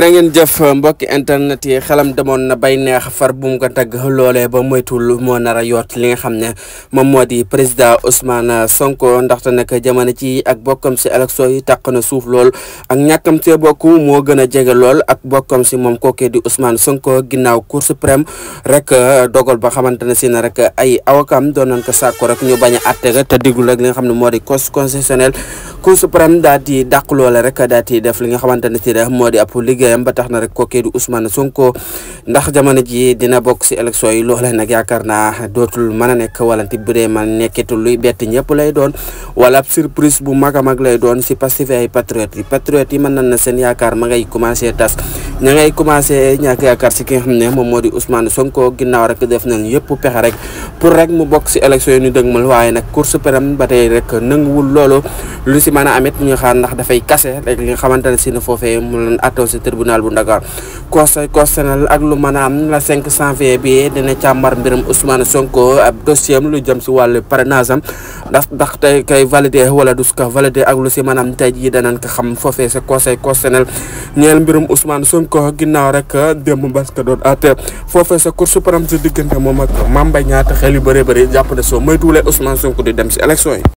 jërë ngeen jëf mbokki internet yi xelam demoon na bay neex far bu mu ko tagg loolee ba moytul moo nar a yoot li nga xam ne moom moo di président Ousmane Sonko ndaxte nag jamono ci ak bokkam si élection yi tàq na suuf lool ak ñàkkam see bokk moo gën a jege ak bokkam si moom kookee di Ousmane Sonko ginnaaw Cour suprême rek dogal ba xamante ne na rek ay awakam doon nañ ko sàkku rek ñu a atte te diglu rek li nga di constitutionnel Cour suprême daal di dàq loole rek daal di def li nga di ab liggéeyam ba tax na rek kookee di Ousmane Sonko ndax jamono ji dina bokk si élection yi loolee nag yaakaar naa dootul mën a nekk walanti bu dee man nekketul luy bett ñëpp lay doon wala surprise bu mag a mag lay doon si Pastef ay patriotes yi patriotes yi mën nañ na seen yaakaar ma ngay commencé tas ña ngay commencé ñàkk yaakaar si ki nga xam ne moom moo di Ousmane Sonko ginnaaw rek def nañ yëpp pexe rek pour rek mu bokk si élection yi ñu dëgmal waaye nag Cour suprême ba tey rek nanguwul loolu lu si mën a amit ñu xaar ndax dafay kase rek nga xamante ne si ne foofee mu leen attoo si tribunal bu Ndakaar conseil constitutionnel ak lu mën a am la 5 bi dina càmbar mbiram Ousmane Sonko ab dossier am lu jëm si wàllu parrainage am ndax ndax tey kay validé wala du ko validé ak lu si mën a am tey jii danañ xam foofee sa conseil constitutionnel ñeel mbirum Ousmane Sonko ko ginnaaw rek ah, démb parce que doon àtte foofee sa cour suprême si diggante moom ak Mame Mbaye Niang xel yu bëree bëri jàpp ne soo moytuwulee Ousmane Sonko di dem si élection yi.